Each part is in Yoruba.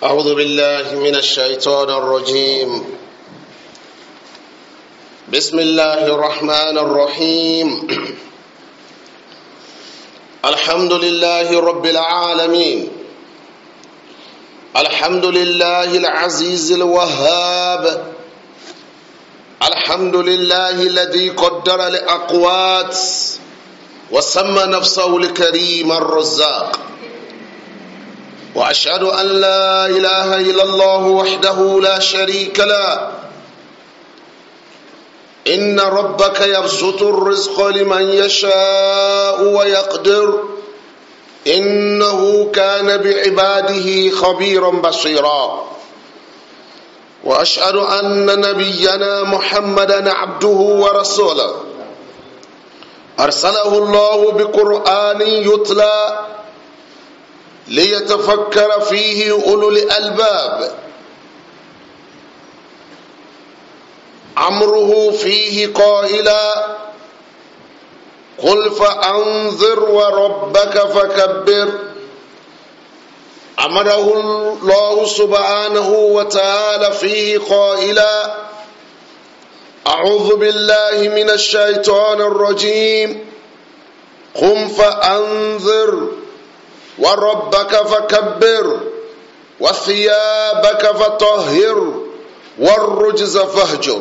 أعوذ بالله من الشيطان الرجيم بسم الله الرحمن الرحيم الحمد لله رب العالمين الحمد لله العزيز الوهاب الحمد لله الذي قدر الأقوات وسمى نفسه الكريم الرزاق وأشهد أن لا إله إلا الله وحده لا شريك له إن ربك يبسط الرزق لمن يشاء ويقدر إنه كان بعباده خبيرا بصيرا وأشهد أن نبينا محمدا عبده ورسوله أرسله الله بقرآن يتلى ليتفكر فيه أولو الألباب عمره فيه قائلا قل فأنظر وربك فكبر أمره الله سبحانه وتعالى فيه قائلا أعوذ بالله من الشيطان الرجيم قم فأنظر وربك فكبر وثيابك فطهر والرجز فاهجر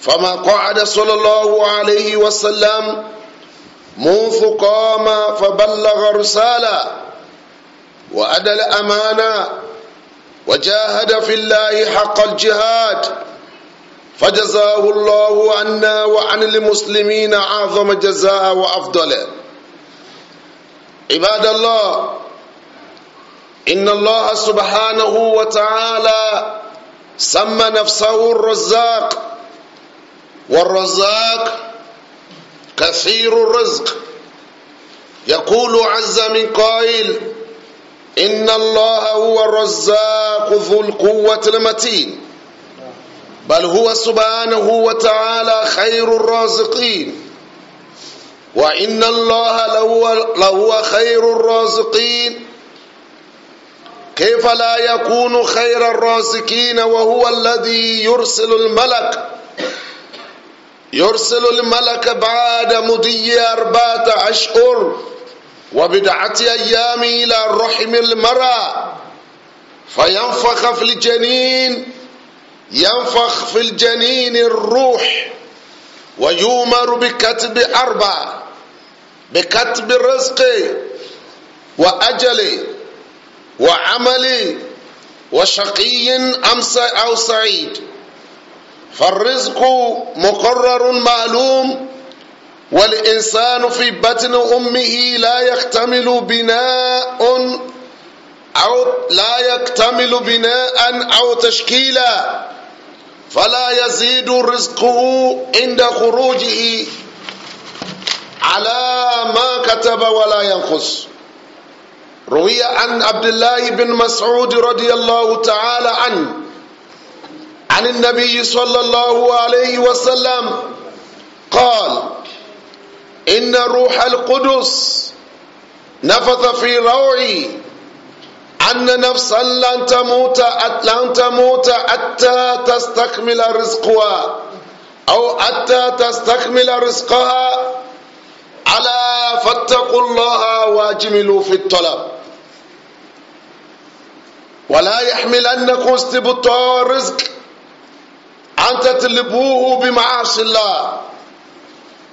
فما قعد صلى الله عليه وسلم منذ قام فبلغ رسالة وأدى الأمانة وجاهد في الله حق الجهاد فجزاه الله عنا وعن المسلمين أعظم جزاء وأفضله عباد الله إن الله سبحانه وتعالى سمى نفسه الرزاق والرزاق كثير الرزق يقول عز من قائل إن الله هو الرزاق ذو القوة المتين بل هو سبحانه وتعالى خير الرازقين وإن الله لهو خير الرازقين كيف لا يكون خير الرازقين وهو الذي يرسل الملك يرسل الملك بعد مضي أربعة أشهر وبدعة أيام إلى رحم المرأة فينفخ في الجنين ينفخ في الجنين الروح ويؤمر بكتب أربعة بكتب الرزق واجلي وعملي وشقي أو سعيد فالرزق مقرر معلوم والإنسان في بطن أمه لا يكتمل بناء أو لا يكتمل بناء أو تشكيلا فلا يزيد رزقه عند خروجه على ما كتب ولا ينقص روي عن عبد الله بن مسعود رضي الله تعالى عنه عن النبي صلى الله عليه وسلم قال إن روح القدس نفث في روعي أن نفسا لن تموت لن تموت حتى تستكمل رزقها أو حتى تستكمل رزقها ألا فاتقوا الله واجملوا في الطلب ولا يحملنكم استبطاء الرزق أن تطلبوه بمعاصي الله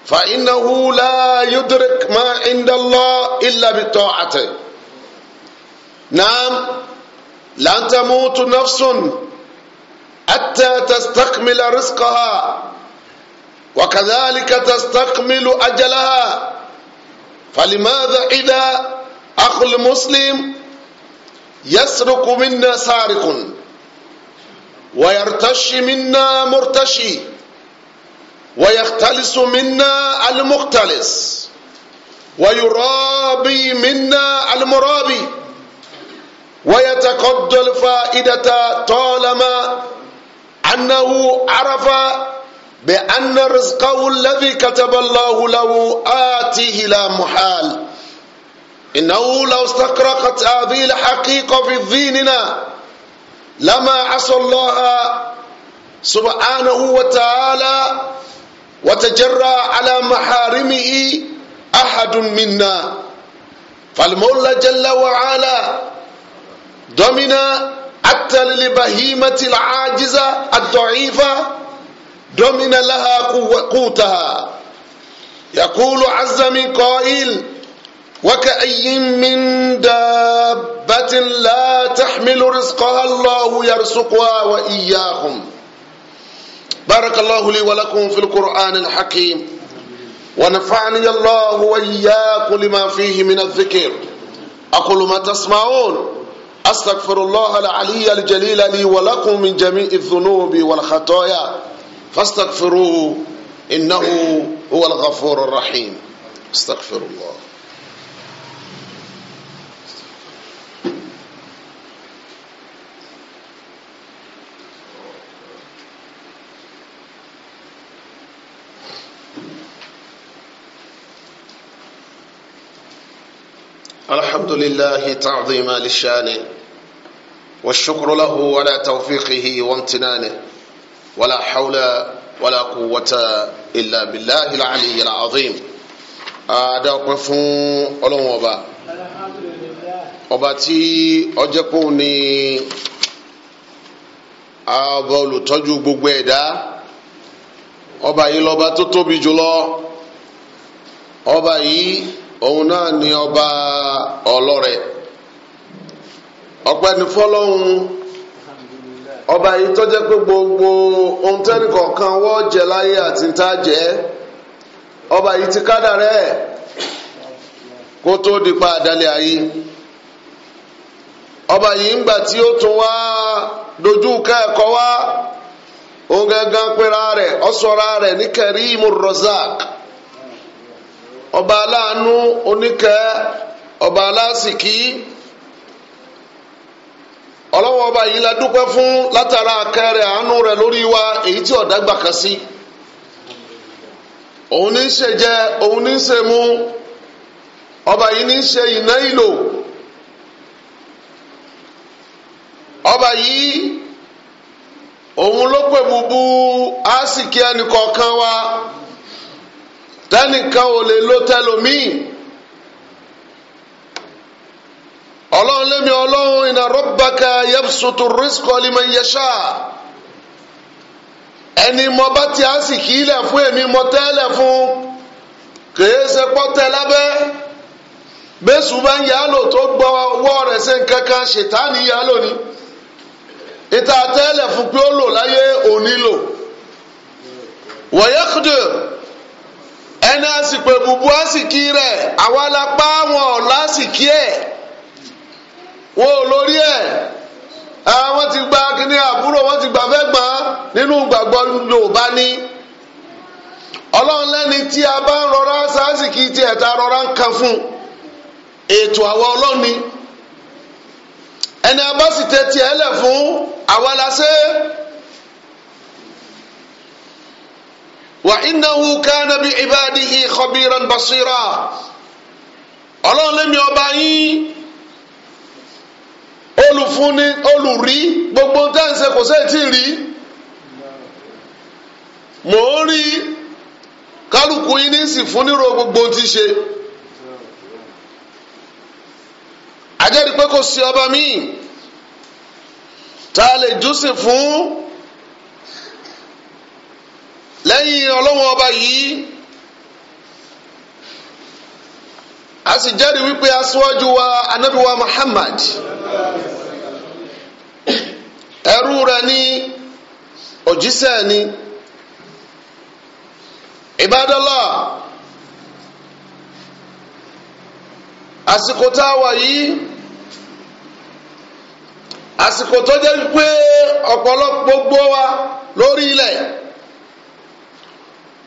فإنه لا يدرك ما عند الله إلا بطاعته نعم لن تموت نفس حتى تستكمل رزقها وكذلك تستكمل أجلها فلماذا إذا أخ المسلم يسرق منا سارق ويرتشي منا مرتشي ويختلس منا المختلس ويرابي منا المرابي ويتقضى الفائدة طالما أنه عرف بأن رزقه الذي كتب الله له آتيه لا محال إنه لو استقرقت هذه الحقيقة في ديننا لما عصى الله سبحانه وتعالى وتجرى على محارمه أحد منا فالمولى جل وعلا ضمن حتى للبهيمة العاجزة الضعيفة ضمن لها قوتها يقول عز من قائل وكأي من دابة لا تحمل رزقها الله يرزقها وإياكم بارك الله لي ولكم في القرآن الحكيم ونفعني الله وإياكم لما فيه من الذكر أقول ما تسمعون أستغفر الله العلي الجليل لي ولكم من جميع الذنوب والخطايا فاستغفروه إنه هو الغفور الرحيم استغفر الله الحمد لله تعظيما لشانه والشكر له على توفيقه وامتنانه ولا حول ولا قوة إلا بالله العلي العظيم adáwọ̀pẹ́ fún ọlọ́run ọba ọba tí ọjọ́ ní ọba gbogbo ẹ̀dá ọba yìí lọ́ba tó tóbi ọba yìí òun ni ọba ọba yìí tó jẹ́ pé gbogbo ohun tẹ́nì kọ̀ọ̀kan wọ́ jẹ láyé àti tá jẹ́ ọba yìí ti kádàrá ẹ̀ kó tó di pa ọba yìí ń tí ó tún wá dojú kẹ́ẹ̀kọ́ wá òun gangan pera rẹ̀ ọ̀sọ́ra rẹ̀ ní ọba aláàánú oníkẹ́ ọlọ́wọ́n ọba yìí la dúpẹ́ fún látara akẹrẹ àánú rẹ lórí wa èyí tí ọ̀dá gbà kan sí òun ní í ṣe jẹ òun ní í ṣe mu ọba yìí ní í ṣe ìná ìlò ọba yìí òun ló pè bubu àsìkí ẹnìkọ̀ọ̀kan wa tẹ́nìkan ò lè ló tẹlòmíì. ọlọ́run lẹ́mi ọlọ́run inna rabbaka yabsutu rizqa liman yasha ẹni mo bá ti á sì kí ilẹ̀ fún èmi mo tẹ́lẹ̀ fún kèé ṣe pọ́tẹ́ lábẹ́ bẹ́sù bá ń yálò tó gbọ́ ọwọ́ rẹ̀ ṣe nǹkan kan ṣètánì yálò ni ìta tẹ́lẹ̀ fún pé ó lò láyé òní lò wọ̀yẹ́kùdù ẹni àsìkò ìbùbù àsìkí rẹ̀ àwa la pa àwọn ọ̀la ẹ̀ wọn ò lórí ẹ̀ àwọn ah, ti gba kíní àbúrò wọn ti gbà fẹ́ nínú gbàgbọ́ Yorùbá ní ọlọ́run lẹ́ni tí a bá ń rọra sáàsìkì tí ẹ̀ta rọra ń kan fún ètò àwa ọlọ́run ni ẹni a bá ẹ lẹ̀ fún àwa la ṣe wa innahu kana bi basira ọlọ́run lẹ́mi ọba yín olùfúnni olùrí gbogbo tẹ́ǹsẹ̀ kò sẹ́ẹ̀ tí ì rí mò ń rí kálukú yín ní sì fún nírò gbogbo ti ṣe ajẹ́rìí pé kò sí ọba míì tá a lè júsìn fún lẹ́yìn ọlọ́wọ́n ọba yìí a sì jẹ́rìí wípé aṣíwájú wa anábìwá Muhammad. Yeah. ẹrú rẹ ní òjíṣẹ́ ni Ibadallah àsìkò tá a wà yìí àsìkò tó jẹ́ pé ọ̀pọ̀lọpọ̀ gbogbo wa lórí ilẹ̀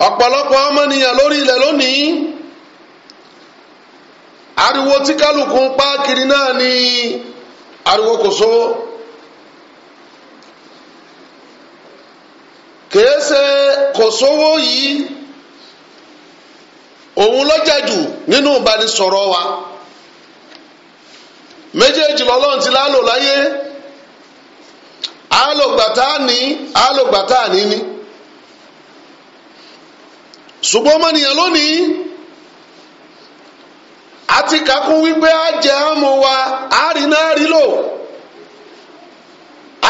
ọ̀pọ̀lọpọ̀ ọmọnìyàn lórí ilẹ̀ lónìí ariwo tí kálukú ń pa kiri náà ni ariwo kò kìí ṣe kò sówó yìí òun lọ́jà jù nínú ìbánisọ̀rọ̀ wa méjèèjì lọ́lọ́run ti lálò láyé àlògbàtà ní àlògbàtà ní ní ṣùgbọ́n mọ́nìyàn lónìí àti kakún wípé a jẹ àmọ́ wa àrínáàrí lò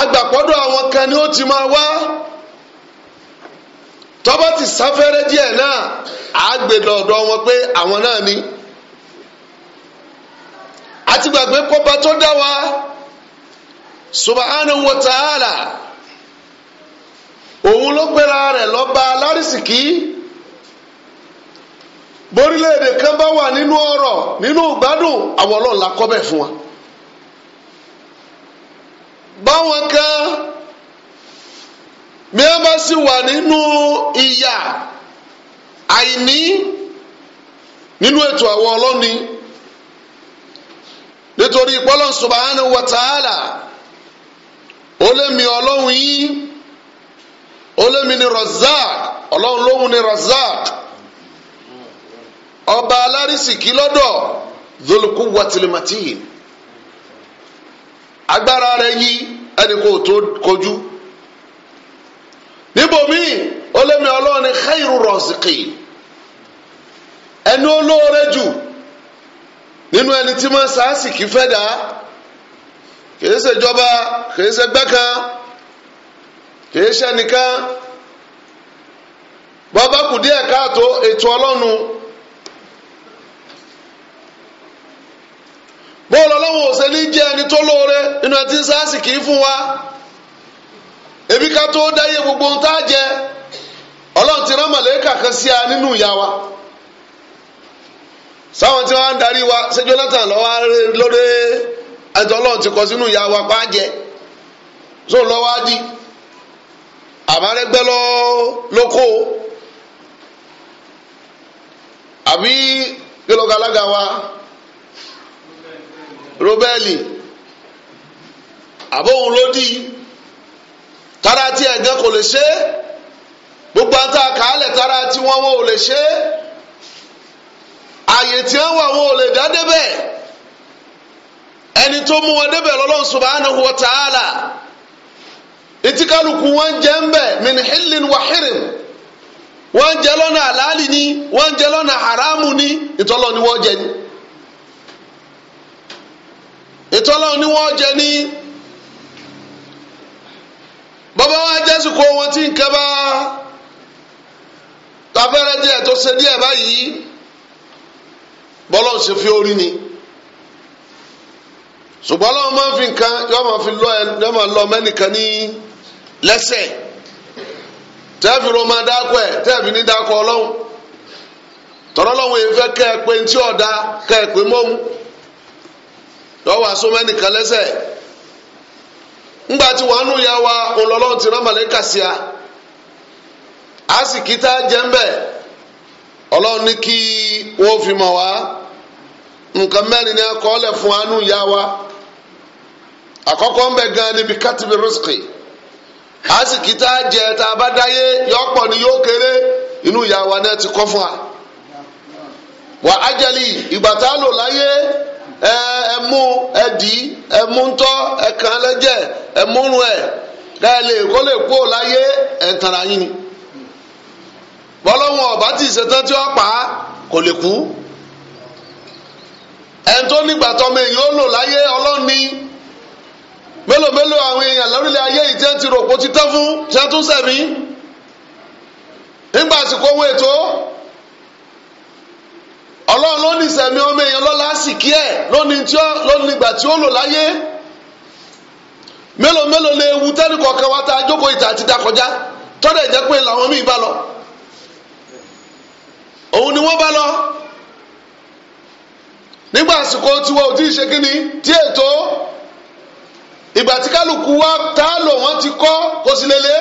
agbàpọ̀dọ̀ àwọn kan ni ó ti máa wá. tọ́bọ̀ ti sáfẹ́rẹ́ díẹ̀ náà á gbé lọ́dọ̀ wọn pé àwọn náà ni àti gbàgbé kọ́ba tó dá wa subhanahu wa ta'ala òun ló gbéra rẹ̀ lọ́ba alárìsìkí borílẹ̀ kan bá wà nínú ọ̀rọ̀ nínú ìgbádùn àwọn ọlọ́run kọ́ bẹ̀ fún wa báwọn kan bí wọ́n bá sì wà nínú ìyà àìní nínú ètò àwọn ọlọ́ni nítorí Ọlọ́hun subhanahu wa ta'ala ó lé mi ọlọ́run yín ó lé mi ní Razzaq ọlọ́run lóhun ní Razzaq ọba alárísìkí lọ́dọ̀ Dhul Quwwatil Matin agbára rẹ̀ yí ẹni kò tó kojú níbòmíì ó lẹ́mi ọlọ́run ní khairu rọ̀sìkì ẹni olóore jù nínú ẹni tí máa ń sàásìkì fẹ́ dá kìí ṣe jọba kìí ṣe gbẹ́kan kìí ṣe nìkan bàbá kù díẹ̀ káàtó ètò ọlọ́run bóòlù ọlọ́run ò ní jẹ́ ẹni tó lóore nínú ẹni tí ń sàásìkì fún wa ebi ká tó dáyé gbogbo ń tá jẹ ọlọ́run ti rán màlẹ́kà kan sí a nínú ìyá wa sáwọn tí wọ́n á ń darí wa ṣé Jonathan lọ́wọ́ lórí ẹ̀tọ́ ọlọ́run ti kọ sínú ìyá wa pa á jẹ tó lọ́wọ́ á dì àmárẹ́gbẹ́ lóko àbí kílógalága wa Robeli àbóhun ló dì í tara tí ẹ̀gán kò lè ṣe gbogbo àtà kàálẹ̀ tara tí wọ́n wọ́n ò lè ṣe àyè tí wọ́n wà wọ́n ò lè dá débẹ̀ ẹni tó mú wọn débẹ̀ lọ́lọ́run subhanahu wa ta'ala etí kálukú wọn jẹ́ ń bẹ̀ min hillin wa hirim wọ́n àlàálì ni wọ́n jẹ́ lọ́nà haramu ni ìtọ́lọ́ ni wọ́n jẹ ni ìtọ́lọ́ ni wọ́n jẹ ni bọ́bá wa jésù kó wọn tí nǹkan bá tafẹ́rẹ́ díẹ̀ tó ṣe díẹ̀ báyìí bọ́lá ò fi orí ni ṣùgbọ́n ọlọ́run máa ń fi nǹkan yọ máa fi lọ yọ máa lọ mẹ́nìkan ní lẹ́sẹ̀ tẹ́ẹ̀fì ló máa dákọ̀ ẹ̀ tẹ́ẹ̀fì ní dákọ̀ ọlọ́run tọ́lọ́ lọ́wọ́ yẹn fẹ́ kẹ́ ẹ pé ntí ọ̀dà kẹ́ ẹ pé mọ́mú yọ wàásù mẹ́nìkan lẹ́sẹ̀ ńgbà tí wàá nù ya wa ololo ti rán màlẹ́kà sí a a sì kí tá a jẹ́ ń bẹ̀ ọlọ́run fi mọ̀ wá nǹkan mẹ́rin ni akọọ́lẹ̀ fún fun anu ya wa àkọ́kọ́ ń bẹ̀ gan níbi kátìbí rìsíkì a sì kita je ta jẹ tá a ni yóò kéré inu ya wa náà ti kọ́ fún wa wà á jẹ́lì ìgbà tá a lò láyé. ẹmu ẹdì ẹmu ntọ ẹkàn lẹjẹ ẹ káyọlẹ kó lè kó láyé ẹtara yín ni bọlọ́wọ́n ọba tí ìṣetán tí ó pa á kò lè kú ẹn tó nígbà tọmọ ó lò láyé ọlọ́run ni mélòó mélòó àwọn èèyàn lórílẹ̀ ayé yìí ti rò ti tán fún nígbà àsìkò owó ọlọ́run ló ní sẹ̀mí ọmọ èèyàn lọ́la sì kí ẹ̀ lónìí tí ó lónìí ìgbà tí ó lò láyé mélòó mélòó lè wu tẹ́nìkọ̀ kan wá tá a jókòó ìta àti dakọjá tọ́lẹ̀ jẹ́ pé làwọn míì bá lọ òun ni wọ́n bá lọ nígbà àsìkò tiwọn ò tí ì ṣe kíni tí ètò ìgbà tí kálukú wa tá a lò wọ́n ti kọ́ kó sì lélẹ̀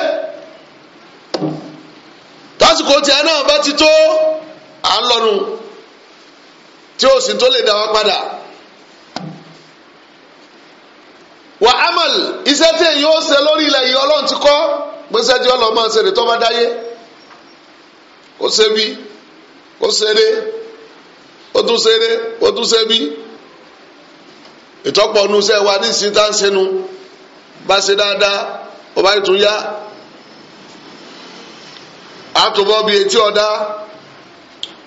tásìkò tiẹ̀ náà bá ti tó à ń lọ́nu tí ó sì tó lè dá wa padà. wà amal iṣẹ́ tí èyí ó ṣe lórí ilẹ̀ yìí ọlọ́run ti kọ́ gbèsè tí ọlọ́run máa ṣe lè tọ́ bá dáyé ó ṣe bí ó ṣeré ó tún ṣeré ó tún ṣe bí ìtọ́pọ̀ ọdún wa ní ìsìn tá ń ṣẹnu bá ṣe dáadáa ó bá tún yá àtúbọ̀ bíi etí ọ̀dá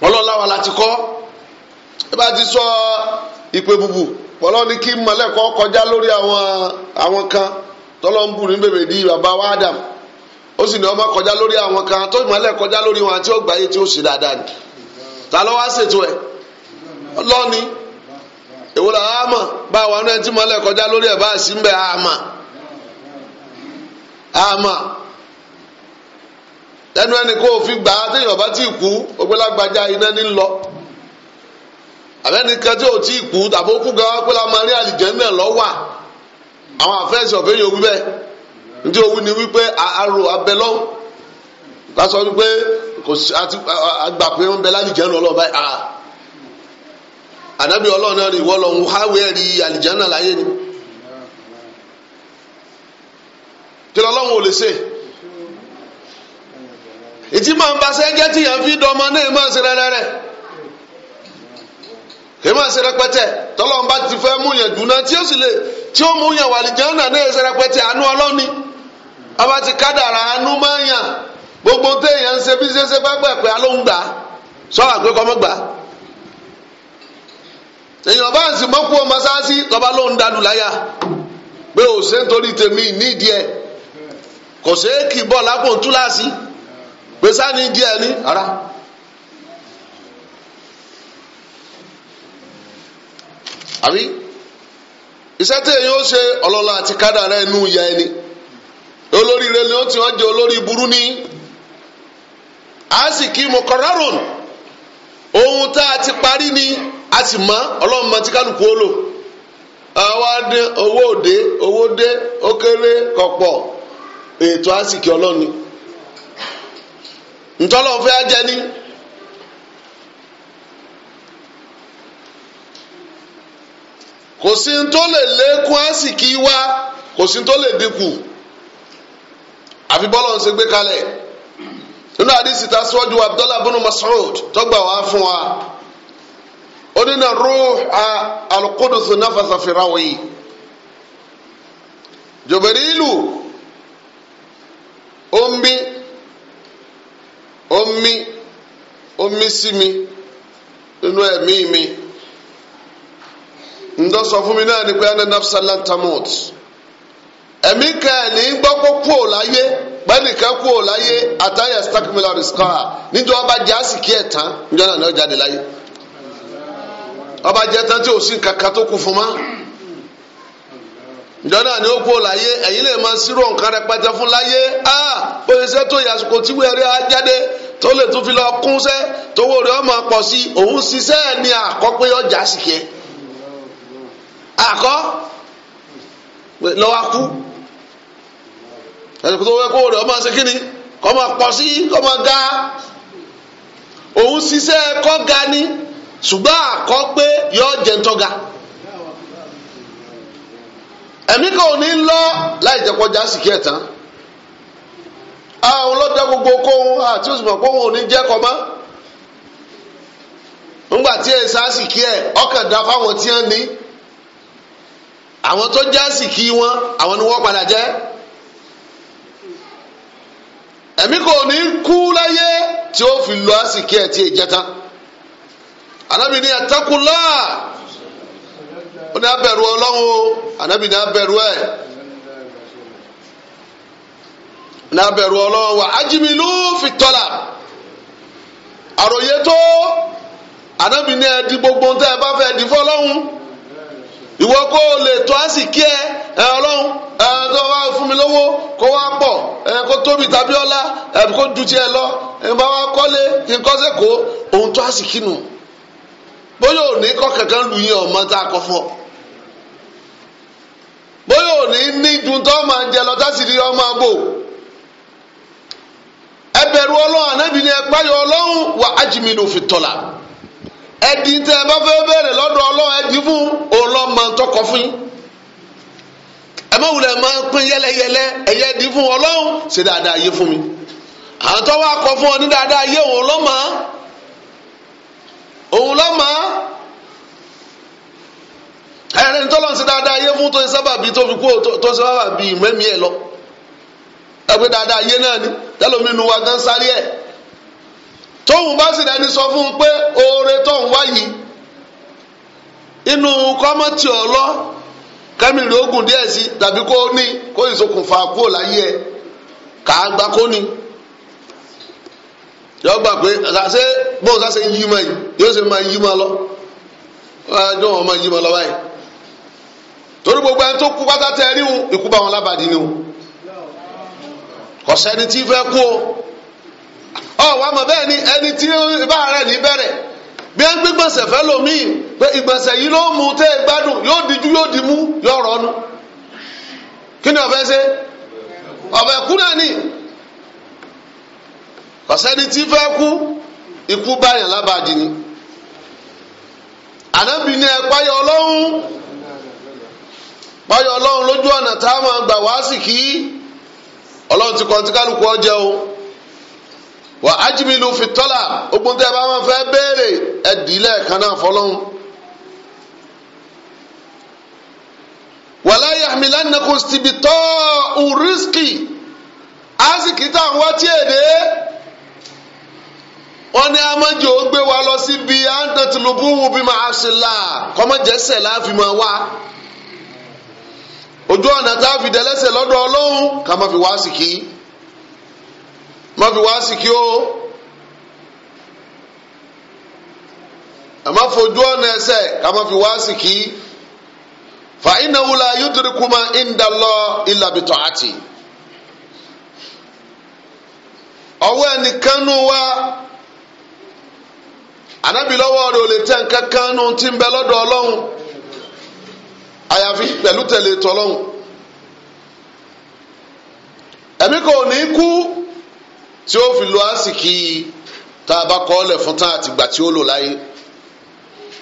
ọlọ́láwa la ti kọ́. bá ti sọ ìpè bùbù pọlọ ni kí mọ̀lẹ́kọ̀ kọjá lórí àwọn àwọn kan tọ́lọ́ ní bèbè di bàbá Adam ó sì ní ọmọ kọjá lórí àwọn kan tó le kọjá lórí wọn àti ọgbà yìí tí ó sì dáadáa ni ta ló wá ṣètò ẹ̀ lọ́ni èwo làwọn àmọ̀ bá àwọn ọ̀nà tí mọ̀lẹ́ kọjá lórí ẹ̀ bá sí ń ẹnu ẹni kó o fi gbà á téèyàn àbẹ́nìkan tí ò tí ì kú tàbí ó kú gan ri la máa rí àlìjẹ́nà lọ́wà àwọn àfẹ́sì ọ̀fẹ́ yẹn bẹ́ẹ̀ ntí owó ni wípé arò abẹ lọ́wọ́ lásọ wípé kò sí àgbà pé ń bẹ lálìjẹ́nà ọlọ́ọ̀ na à ànábì ọlọ́ọ̀ náà rí ìwọ lọ́hùn háwé rí àlìjẹ́nà láyé ni kí lọ́lọ́hùn ò lè ṣe ìtì máa ń ba sẹ́jẹ́ yẹn fi náà máa ń èmi àṣẹ rẹpẹtẹ tọlọ́run ti fẹ́ mú yẹn dùnà tí ó sì lè tí ó mú yẹn wà náà ti kádàrà àánú máa gbogbo téèyàn ń ṣe bí ṣe ṣe bá gbà pé alóhùn gbà sọ́wọ́ àgbẹ̀kọ́ mọ́ gbà èèyàn bá ń sì mọ́kú ọmọ sáásí lọ́ba ló ń dalù láyà pé ò ṣe bọ̀ lápò túláàsì àbí iṣẹ́ tí èyí ó ṣe ọlọ́lá àti kádàrá ẹnu ìyá ẹni olóríire ni ó ti wọ́n jẹ́ olórí burú ní àásìkí mọ̀kọ́rọ́rùn ohun tá a ti parí ni a sì ma ọlọ́run mọ́ tí kálukú ó lò àwa dé owó òde owó dé ó kéré kọ̀pọ̀ ètò àásìkí ọlọ́run ni kò sí ní tó lè lékún àsìkí wá kò sí ní tó lè dínkù àfi bọ́lọ̀ ń ṣe gbé kalẹ̀ nínú àdìsí ta síwájú abdullahi bin Mas'ud tọgbà wá fún wa ó ní náà ruh al-Qudus nafasa firawi Jibrilu omi omi omi sí mi nínú ẹ̀mí mi. mi ńdọ́ sọ fún mi náà ni pé ẹni nafsala tamut ẹ̀mí kẹ́ẹ̀ni gbọ́kọ́ kú stakmila ọba jẹ́ àsìkí ẹ̀ náà ni ó jáde láyé ọba jẹ́ tán tí ò sí tó ma níjọ́ náà ni ó kú ò ẹ̀yin lè máa sírò nǹkan rẹpẹtẹ fún láyé a oṣiṣẹ́ tó yẹ àsìkò tí wẹ́rẹ́ á jáde tó lè tún fi lọ tówó ọmọ pọ̀ sí òun àkọ́ lọ́wọ́ kú ẹ̀sìn tó wẹ́ kó rẹ̀ ọmọ ṣe kíni kọ́ máa pọ̀ sí kọ́ ga òun ṣiṣẹ́ kọ ga ni ṣùgbọ́n akọ pé yọ jẹ́ ń tọ́ga ẹ̀mí kan ò ní lọ láì jẹ́ kọjá sì kí ẹ̀ tán àwọn ọlọ́dẹ gbogbo kóhun àti òṣùpọ̀ kóhun ò ní jẹ́ kọ́ mọ́ ńgbà tí ẹ̀ sá sì kí ọkàn dá fáwọn tí ní. àwọn tó jásì kí wọn àwọn ni wọ́n padà jẹ́ ẹ̀mí kò ní kú láyé tí ó fi lọ àsìkí ẹ̀ tí èjẹ́ tán anábì ní ẹ̀tẹ́kùlá ó ní abẹ̀rù ọlọ́run o anábì ní abẹ̀rù ẹ̀ ní abẹ̀rù ọlọ́run wa ajimilu fi tọ́lá àròyé tó anábì ní ẹ̀ di gbogbo ohun ẹ bá fẹ́ di fọ́lọ́run. ìwọ kó o lè tó kí ẹ ẹ ọlọ́run ẹ tó wá fún mi lówó kó wá tóbi tàbí ọlá ẹ kó lọ ẹ bá wá kọ́lé nkọ́sẹ̀ kó òun tó nù bóyá òní kọ́ lu yín ọmọ tá a kọ́ fọ́ bóyá òní ní dun tó jẹ lọ tásì ọmọ ẹ bẹ̀rù ọlọ́run anábìíní ẹdín tẹ ẹ bá fẹ́ bẹ̀rẹ̀ lọ́dọ̀ Ọlọ́run ẹdín fún ọlọmọ tọkọ fún yín ẹ má wulẹ̀ máa pín yẹlẹyẹlẹ ẹyẹ ẹdín fún Ọlọ́run ṣe dáadáa yé fún mi àwọn wa kọ fún ọ ní dáadáa yé òun lọ́mọ òun lọ́mọ ẹ̀rẹ́ni tó lọ́n ṣe dáadáa yé fún tó sábàbí tó fi kú tó sábàbí mẹ́mí ẹ̀ lọ ẹgbẹ́ dáadáa yé náà ni tẹ́lómi nu wa gan sáré tóun bá sì rẹni sọ fún un pé oore tóun wá yìí inú kọ́mọ́tì ọlọ́ kẹ́mìrì ogun díẹ̀ sí tàbí kó ní kó ìsokùnfà kúrò láyé ẹ kàá gba kó ní yọ gbà pé ṣe bóun yí ma yìí yóò ṣe máa yí ma lọ wọn máa yí ma lọ gbogbo ẹni tó kú pátá tẹ ẹ o tí fẹ́ kú ọ̀wọ́ ma bẹ́ẹ̀ ni ẹni tí bá rẹ̀ ní bẹ̀rẹ̀ bí ẹ ń gbígbọ̀nsẹ̀ fẹ́ lòmíì pé ìgbọ̀nsẹ̀ yìí ló mú tẹ́ gbádùn yóò díjú yóò dì mú yóò rọ́nu kí ni ọ̀fẹ́ ṣe kú náà ni ọ̀sẹ́ni tí fẹ́ kú ikú báyàn lábàájì ni ànábì ni ẹ páyọ ọlọ́run páyọ ọlọ́run lójú ọ̀nà tá a máa gbà wá sí kí ọlọ́run ti kọ́ kálukú ọ jẹun. wà ájìmílù fìtọ́là ogun tẹ́ bá máa fẹ́ béèrè ẹ̀dì lẹ́ẹ̀kan náà fọlọ́hún. wàlá yahmilannakum stibitọ́ uriski asiki tá à ń wá tí èdè wọn ní amájò ó gbé wa lọ síbi àǹtẹ̀tìlúbù bí máa ṣe là kọ́mọ́jẹsẹ̀ láàfin máa wá ojú ọ̀nà tá a fi dẹ́lẹ́sẹ̀ lọ́dọ̀ ọlọ́run ká má fi wá sí má eh, fi wá sí kí ó àmá fojú ọ̀nà ẹsẹ̀ ká má fi wá sí kí fa innahu la yudriku ma inda Allah illa bi ta'ati ọwọ́ ẹnìkan nù wá ànábì lọ́wọ́ rẹ̀ ò lè tẹ̀ nǹkan kan nù tí ń bẹ lọ́dọ̀ ọlọ́run àyàfi pẹ̀lú tẹ̀lé tọ́lọ́run ẹ̀mí kò ní kú. tí ó fi lo àsìkí tá a bá kọ́ ọ́ lẹ̀ fún tán àti ìgbà tí ó lò láyé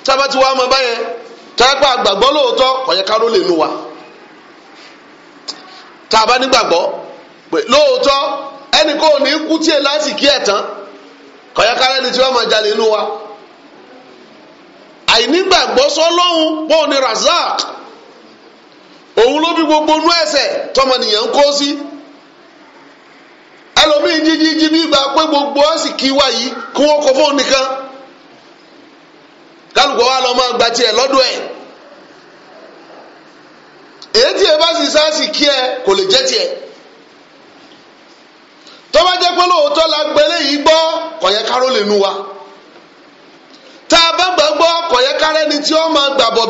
tá a bá ti wá ọmọ báyẹn tá a pa àgbàgbọ́ lóòótọ́ kò yẹ káró lè nu wa tá a bá nígbàgbọ́ pé lóòótọ́ ẹnì kò ní kú tí èè lásìkí ẹ̀ tán kò yẹ káró ẹni tí wọ́n máa jalè nu wa àìnígbàgbọ́ sọlọ́hún bóun ni razak òun ló bí gbogbo nú ẹsẹ̀ tọmọnìyàn ń kó sí. Si ẹlòmíín jíjí jí bí gbà gbogbo àsìkí wà yìí kí wọ́n kọ fóun nìkan kálukọ wa lọ máa gba e lọ́dọ̀ ẹ̀ èyí tí ẹ bá sì sáàsì kí ẹ kò lè jẹ́ tiẹ̀ tó pé la gbẹ́lẹ́ yìí gbọ́ kọ̀yẹ́ káró wa tá a bá gbà gbọ́ kọ̀yẹ́ kárẹ́ni tí ó máa gbà bọ̀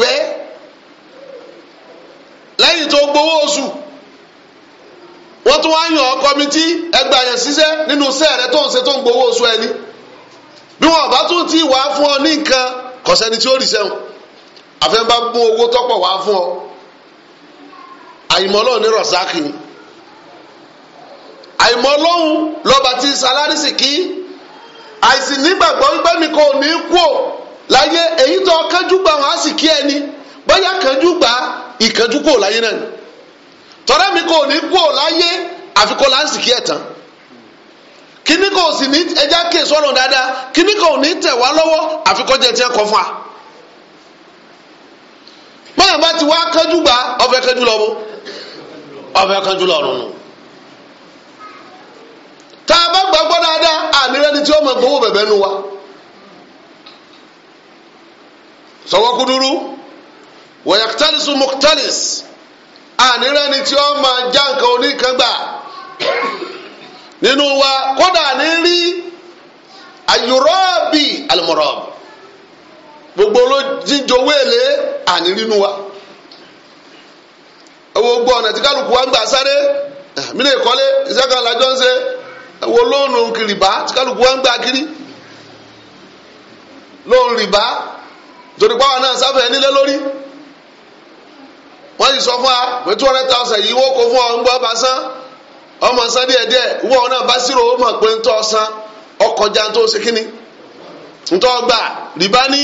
wọ́n tún wá yàn ọ́ kọ́mítì ẹgbẹ́ àyàn ṣiṣẹ́ nínú iṣẹ́ rẹ tó ń ṣe tó ń gbowó oṣù ẹni bí wọn bá tún ti wàá fún ọ ní nǹkan kọ̀sẹ́ni tí ó rí sẹ́wọ̀n àfẹ́nbá mú owó tọ́pọ̀ wàá fún ọ àyìnbó ọlọ́run ní rọ̀sákì ni àyìnbó ọlọ́run lọ́ba ti salárìsì kí àìsí nígbàgbọ́ wípé mi kò ní kú ò láyé èyí tó kánjú gbà wọn á sì kí ẹni bóyá kánjú gbà ìkánjú kò láyé náà tọ́lá mi kò ní kú ò láyé àfi kò láǹsìkí ẹ̀ tán kíní kò sì ní ẹja kè sọ̀rọ̀ dáadáa kíní kò ní tẹ̀ wá lọ́wọ́ àfi kò jẹ́ tiẹ̀ kọ́ fún wa. báyọ̀ bá ti wá kánjú gbà ọ̀fẹ́ kánjú lọ bó ọ̀fẹ́ kánjú lọ nù. tá a bá gbàgbọ́ dáadáa ànírẹ́ni tí ó mọ̀ gbowó bẹ̀bẹ̀ nu wa. sọ̀wọ́ kúdúrú wọ̀yàkítálísù mọ̀kítálísù. rẹni tí ó máa já nǹkan oníkangbà nínú wa kódà ní rí ayọ̀rọ̀bì gbogbo olójijowó èlé ànírínú wa owó gbọ́ ọ̀nà tí kálukú wa ń gbà sáré iṣẹ́ kan lájọ́ ń ṣe wo lóònù kìrìbá tí kálukú wa ń gbà kiri lóònù rìbá wọ́n yìí sọ fún wa pé two hundred thousand yìí wọ́n kó fún ọ ń gbọ́ bá san ọmọ san díẹ̀ díẹ̀ wọ́n náà bá sírò ó mọ̀ pé ń tọ́ san ọkọjà tó ṣe kínní ntọ́ gbà rìbá ní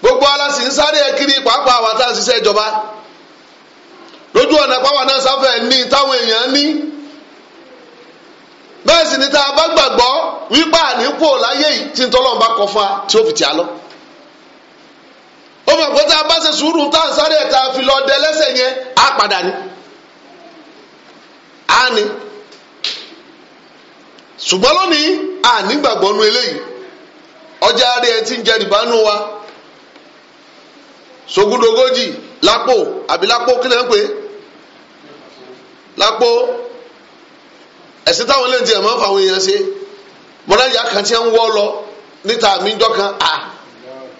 gbogbo alásì ń ẹkiri pàápàá àwọn tá ṣiṣẹ́ ìjọba lójú ọ̀nà pàwọn náà sáfẹ́ ní táwọn èèyàn ní bẹ́ẹ̀ sì ni tá a bá gbàgbọ́ wípé àníkù láyé yìí tí ń kọ fún wa tí ó fi tì á lọ. ó mọ̀ pé tá a bá ṣe sùúrù tá a sáré ẹ̀ tá a fi lọ dẹ lẹ́sẹ̀ yẹn á padà ní á ní ṣùgbọ́n lónìí à nígbàgbọ́ nu eléyìí ọjà rí ẹ ti ń jẹ rìbá wa sogudogoji lápò àbí lápò kí ń pè lápò ẹ̀sìn táwọn lè tiẹ̀ máa ń fa àwọn èèyàn ṣe mọ́nàjà kan ti ń wọ́ lọ níta mi jọ kan à. Ah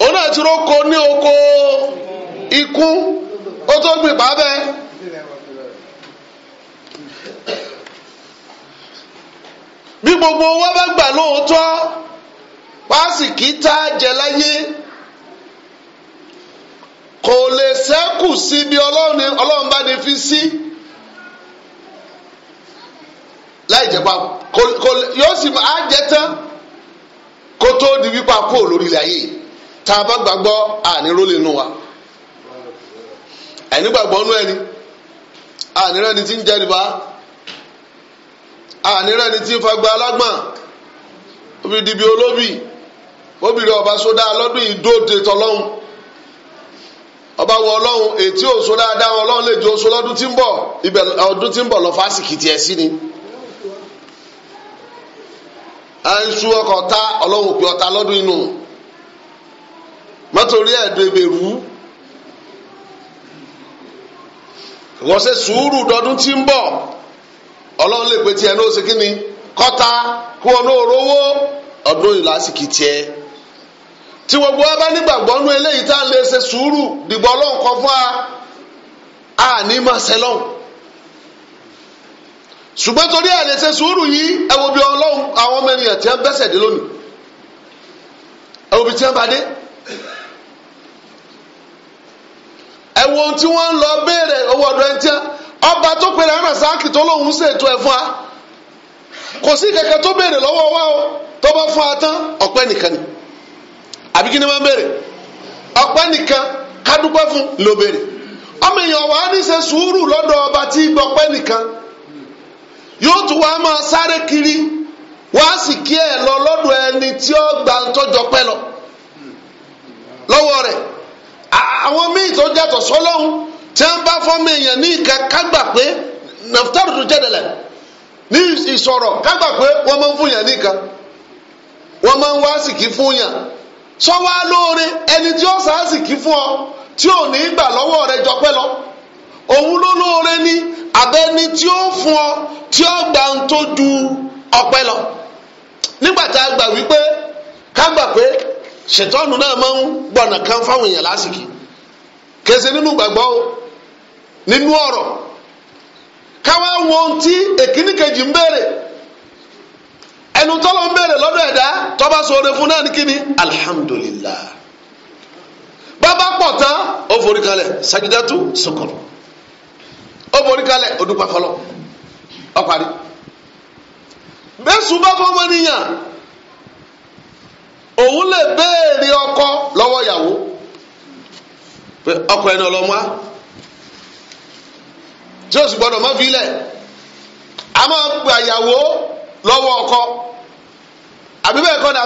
ona náà ti ni ní oko iku ó tó abe pàbẹ́. bí gbogbo wa bá gbà lóòótọ́ pásìkì tá a jẹ láyé kò lè sẹ́kù síbi ọlọ́run bá ní fi sí. Si láì jẹ́ pa kò yóò sì a jẹ tán kó tó di wípé a kó lórí ilẹ̀ ayé yìí. tá a bá gbàgbọ́ àníró lè nu wa ẹni àníró ẹni tí ń jẹ àníró ẹni tí ń fagbá alágbọ̀n òbí dìbì olóbì obìnrin ọba sódà lọ́dún ìdóde tọ́lọ́hún ọba wọ ọlọ́hún ètí òso dáadáa ọlọ́hún lè jẹ́ oṣù lọ́dún lọ fásitì tiẹ̀ sí ni. à ń sú ọkọ̀ ta ọlọ́hún lọ́dún inú. mọ́tòrí ẹ̀dùn ìbẹ̀rù wọ́n ṣe sùúrù dọdún tí ń bọ̀ ọlọ́run lè pe tiẹ̀ ní oṣù kínní kọ́ta kó o ní orówó ọdún yìí lásìkò tiẹ̀ tí gbogbo wa bá nígbàgbọ́ nú eléyìí tá a lè ṣe sùúrù dìgbò ọlọ́run kọ fún wa a ní máa ṣẹlọ́n ṣùgbọ́n torí a lè ṣe sùúrù yìí ẹ wo bí ọlọ́run àwọn ọmọ ènìyàn tí wọ́n bẹ́sẹ̀ dé lónìí ẹ wo bí tí wọ́n bá dé. ẹ ohun tí wọ́n ń lọ béèrè owó ọ̀dọ̀ ọba tó pèrè sáàkì tó lóun ṣètò ẹ̀ fún wa kò sí kẹ̀kẹ́ tó béèrè lọ́wọ́ wa o tó bá fún wa tán nìkan ni àbí kí ni wọ́n béèrè nìkan fún ló béèrè ọmọ èèyàn wà á ní ṣe sùúrù lọ́dọ̀ ọba tí nìkan yóò tún wá máa sáré gba ń tọ́jọ lọ lọ́wọ́ rẹ̀ àwọn míì tó jàtọ̀ sọlọ́hún tí wọ́n bá fọ́mọ èèyàn ní ìka kágbà pé nàfitárù tó jẹ́dẹ̀lẹ̀ ní ìsọ̀rọ̀ kágbà pé wọ́n máa ń fún yàn ní ìka wọ́n máa ń wá sìkì fún yàn sọ́wọ́ alóore ẹni tí ó sàá sìkì fún ọ tí ò ní gbà lọ́wọ́ rẹ jọpẹ́ lọ òun ló lóore ní abẹ́ni tí ó fún ọ tí ó gbà ń tó ju ọpẹ́ lọ nígbà tá a gbà wípé ká pé ṣètọ́nù náà máa ń gbọ̀nà kan fáwọn èèyàn lásìkò kèsì nínú gbàgbọ́ n'inu nínú ọ̀rọ̀ káwá wo ohun ti èkíní ń béèrè ẹnu tọ́lọ́ ń béèrè lọ́dọ̀ ẹ̀dá tọ́ba sọ̀rọ̀ fún náà ní kíni alihamudulilayi bàbá pọ̀ tán ó forí kalẹ̀ sajidatu sukuru ó forí kalẹ̀ ó pé ọkùnrin náà a tí o sì gbọdọ mọ fi a máa gba ọkọ àbí bẹ́ẹ̀ kọ́ ni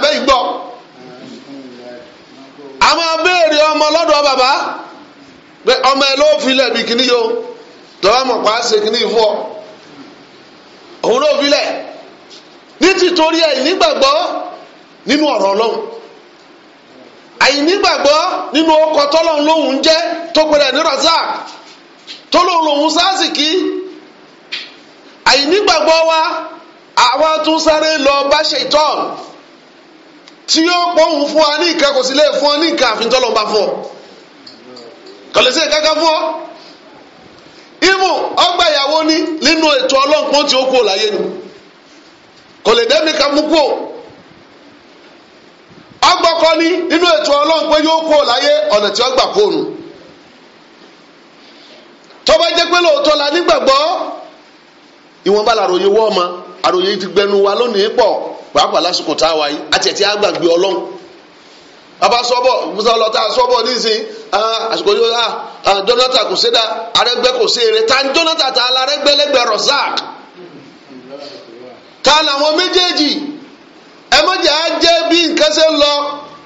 a máa béèrè ọmọ lọ́dọ̀ bàbá pé ọmọ ẹ ló fi yo pa á ṣe ọ òun ló fi ní tìtorí ẹ̀ nínú àìnígbàgbọ́ nínú ọkọ̀ tọ́lọ́hún lóhùn jẹ́ tó pẹ̀lẹ́ ní razak tó lóhùn lòhùn sásìkí àìnígbàgbọ́ wa àwa tún sáré lọ bá ṣètọ́n tí ó pọ̀hùn fún wa ní ìka kò sí lè fún ọ ní ìka àfin tọ́lọ́ bá fún ọ kọ̀lẹ́sẹ̀ kankan fún ọ imu ọgbà ìyàwó ni nínú ètò ọlọ́nkún tí ó kú láyé ni kò ká mú kú o. agbọ́kọ́ ní nínú ètò ọlọ́run pé yóò kú láyé ọ̀nà tí ó gbà nù tọ́ba jẹ́ pé lóòótọ́ la nígbàgbọ́ ìwọ̀nba wọ́ ọmọ àròyé ti gbẹnu wa lónìí pọ̀ pàápàá lásìkò tá a wáyé àti ẹ̀tí àgbàgbé ọlọ́run bàbá sọ́bọ̀ ọlọ́ta sọ́bọ̀ nísìn ah, àsìkò yóò ah, ah, dá kò sí dá arẹ́gbẹ́ ta ni ta ta làwọn méjèèjì. ẹ mọ̀jà bí nǹkan ṣe ń lọ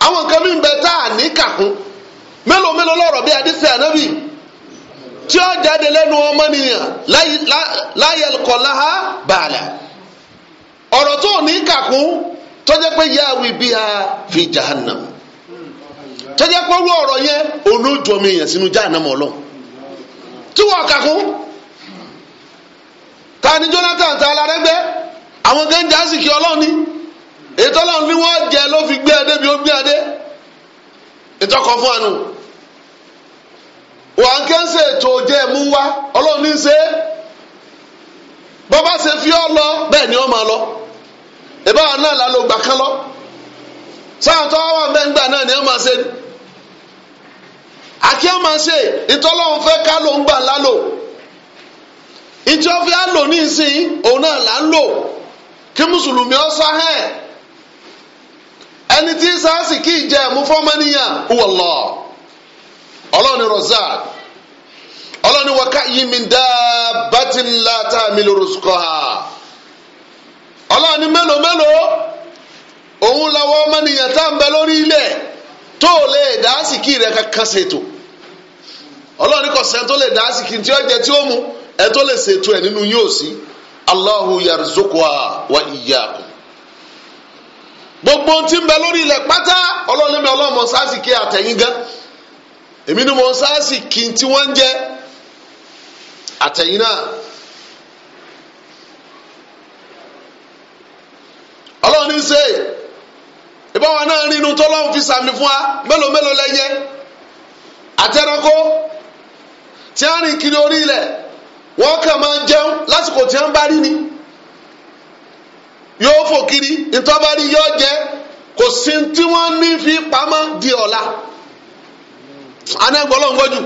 àwọn nǹkan mí bẹ tá à ní kàkún mélòó mélòó lọ́rọ̀ bí adísẹ́ ànábì tí ó jáde lẹ́nu ọmọnìyàn láyé ẹ̀kọ́ láhá bàálà ọ̀rọ̀ tó ní kàkún tọ́jẹ́ pé yáwì bí a fi jahannam tọ́jẹ́ pé wọ́n ọrọ yẹn òun ó jọ mi yàn sínú jahannam ọlọ́run tí wọ́n kàkún ta ni Jonathan ta alárẹ́gbẹ́ àwọn gẹ́ńdà sì kí ọlọ́ọ̀ni. ìtọ́lọ̀ ní wọ́n jẹ ló fi gbé adé bí ó gbé adé ìtọ́kọ̀ fún àánú wà á kẹ́sẹ̀ ètò jẹ́ mú wá ọlọ́run ní ṣe é bọ́bá ṣe fi lọ bẹ́ẹ̀ ni ọ máa lọ ìbára náà gbà kán lọ sáà tó wà mẹ́ngbà náà ni máa ṣe àkí máa ṣe ìtọ́lọ́run fẹ́ ká ló ń gbà ìjọ fi á lò ní ìsìn òun náà ẹni tí sáàsì kì í jẹ ẹ̀mú fọ́mọ́nìyàn wọ̀lọ́ ọlọ́run ni rozak ọlọ́run ni wọ́ká yìí mi dá bátìlá tá a mi lóru sùkọ́ ha ọlọ́run ni mélòó mélòó òun làwọn ọmọnìyàn tá à ń bẹ lórí ilẹ̀ tó lè dá sìkì rẹ̀ kankan ṣètò ọlọ́run ni kò tó lè dá sìkì tí ó jẹ tí ó mu ẹ̀ tó lè ṣètò ẹ̀ nínú yóò sí Allahu yarzukuha wa iyyakum. gbogbo ti ń bẹ lórí ilẹ̀ pátá ọlọ́ọ̀lẹ́mi ọlọ́mọ sáàsì kí àtẹ̀yìn gan èmi ni mo sáàsì kí tí wọ́n ń jẹ àtẹ̀yìn náà ọlọ́run ṣe ìbáwa náà rí inú fi sàmì fún wa mélòó mélòó lẹ́yẹ àtẹnako tí a rìn kiri orí ilẹ̀ wọ́n kàn máa jẹun lásìkò tí a ń bá ni. yóò fò kiri ntọ́bárí yóò jẹ kò sí tí wọ́n ní fi pamọ́ di ọ̀la anágbọ́lọ́ngbọ́jù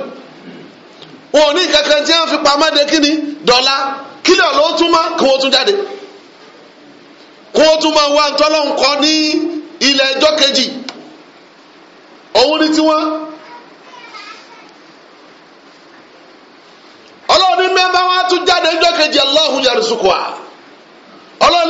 wọn ò ní kankan tí wọ́n fi pamọ́ de kíni dọ̀la kílẹ̀ ọ̀la ó tún mọ́ kí wọ́n tún jáde kí wọ́n tún máa wá ntọ́lọ́nkọ ní ilẹ̀ ẹjọ́ kejì òun ni tiwọn ọlọ́run ní mẹ́bàá wọn á tún jáde ẹjọ́ kejì Allahu yarzuqha.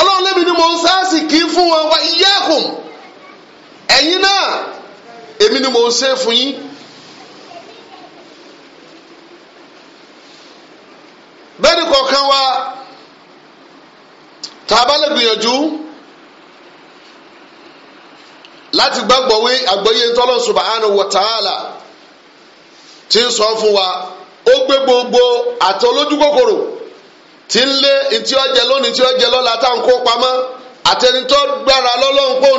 ọlọ́run lẹ́bi ni mo ń sáàsì kì í fún wọn wá iyyakum ẹ̀yin náà èmi ni mo ń ṣe fún yín. bẹ́ẹ̀ni kọ̀ọ̀kan wa tá a bá lè gbìyànjú láti gbàgbọ́ wí àgbọ́yé tọ́lọ́ subhanahu wa ta'ala tí ń sọ fún wa ó gbé gbogbo àti olójú tí ń lé ntí ọjẹ lónìí ntí ọjẹ lọ́la tá à kó pamọ́ àtẹni tó gbára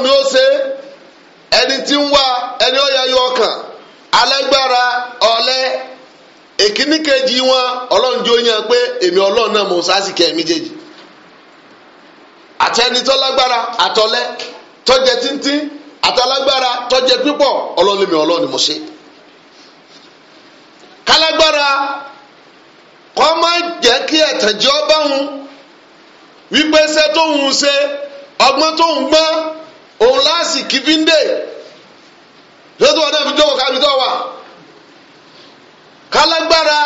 ni ó ṣe ẹni tí ń wá ẹni ó yẹ yọ ọkàn alágbára ọ̀lẹ èkíní kejì wọn ọlọ́run jó yàn pé èmi ọlọ́run náà mò ń sásìkẹ́ méjèèjì àtẹni tó lágbára àtọ̀lẹ tó jẹ kọ́ má jẹ́ kí ẹ̀tànjẹ́ ọ bá wọn wípé iṣẹ́ tóun ṣe ọgbọ́n tóun gbọ́n òun lásìkí fi ń dè lótú ọdún fi jókòó kábi tó wà kálágbára